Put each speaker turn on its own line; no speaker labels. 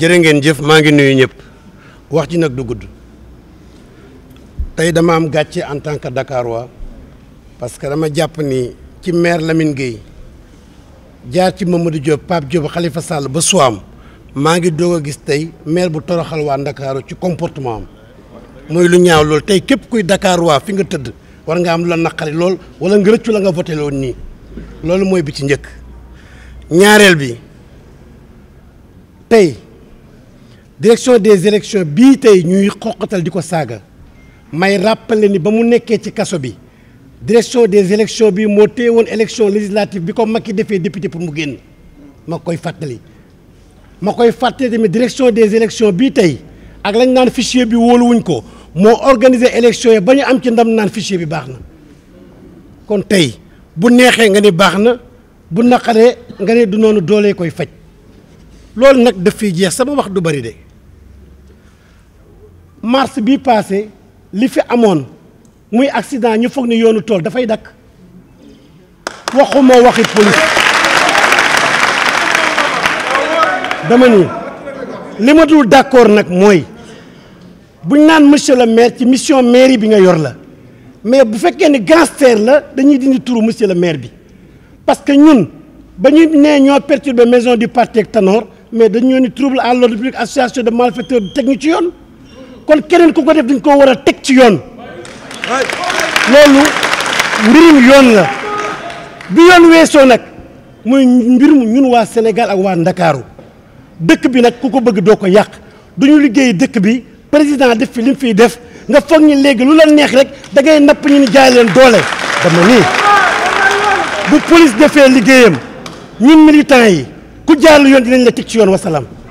jërë ngeen jëf maa ngi nuyu ñëpp wax ji nag du gudd tey dama am gàcce en tant que Dakarois parce que dama jàpp nii ci mair lamin Gueye jaar ci Mamadou Diop Pape Diop xalifa Sall ba Soham maa ngi doog a gis tey mair bu toroxal waa Ndakaaru ci comportement am muy lu ñaaw lool tey képp kuy Dakarois fi nga tëdd war nga am lu la naqari lool wala nga rëccu la nga voté loon nii loolu mooy bi ci njëkk ñaareel bi tey. direction des élections bii tey ñuy xoqatal di ko saaga may rappeler ni ba mu nekkee ci kaso bi direction des élections bi moo téye woon élection législative bi ko mag Macky defee député pour mu génn ma koy fàttali ma koy fàttali tamit direction des élections bii tey ak lañ naan fichier bi wóoluwuñ ko moo organiser élection yi ba ñu am ci ndam naan fichier bi baax na kon tey bu neexee nga ni baax na bu naqaree nga ne du noonu doolee koy faj loolu nag daf fiy jeex sama wax du bari de mars bii passé li fi amoon muy accident ñu foog ne yoonu tool dafay dakk waxuma waxi police dama ni li ma dul d'accord nag mooy buñ naan monsieur le maire ci mission mairie bi nga yor la mais bu fekkee ni gangster la dañuy dindi turu monsieur le maire bi parce que ñun ba ñu nee ñoo perturbé maison du parti ak Tanor mais dañu ni trouble à l'ordre public association de malfaiteurs teg ñu ci yoon kon keneen ku ko def dañ koo war a teg ci yoon loolu mbirum yoon la bi yoon weesoo nag muy mbirum ñun waa Sénégal ak waa Ndakaaru dëkk bi nag ku ko bëgg doo ko yàq duñu liggéey dëkk bi président def fi li mu def nga foog ñi léegi lu la neex rek da ngay napp ñu ni jaay leen doole dama nii bu police defee liggéeyam ñun militants yi ku jaarlu yoon dinañ la teg ci yoon wasalaam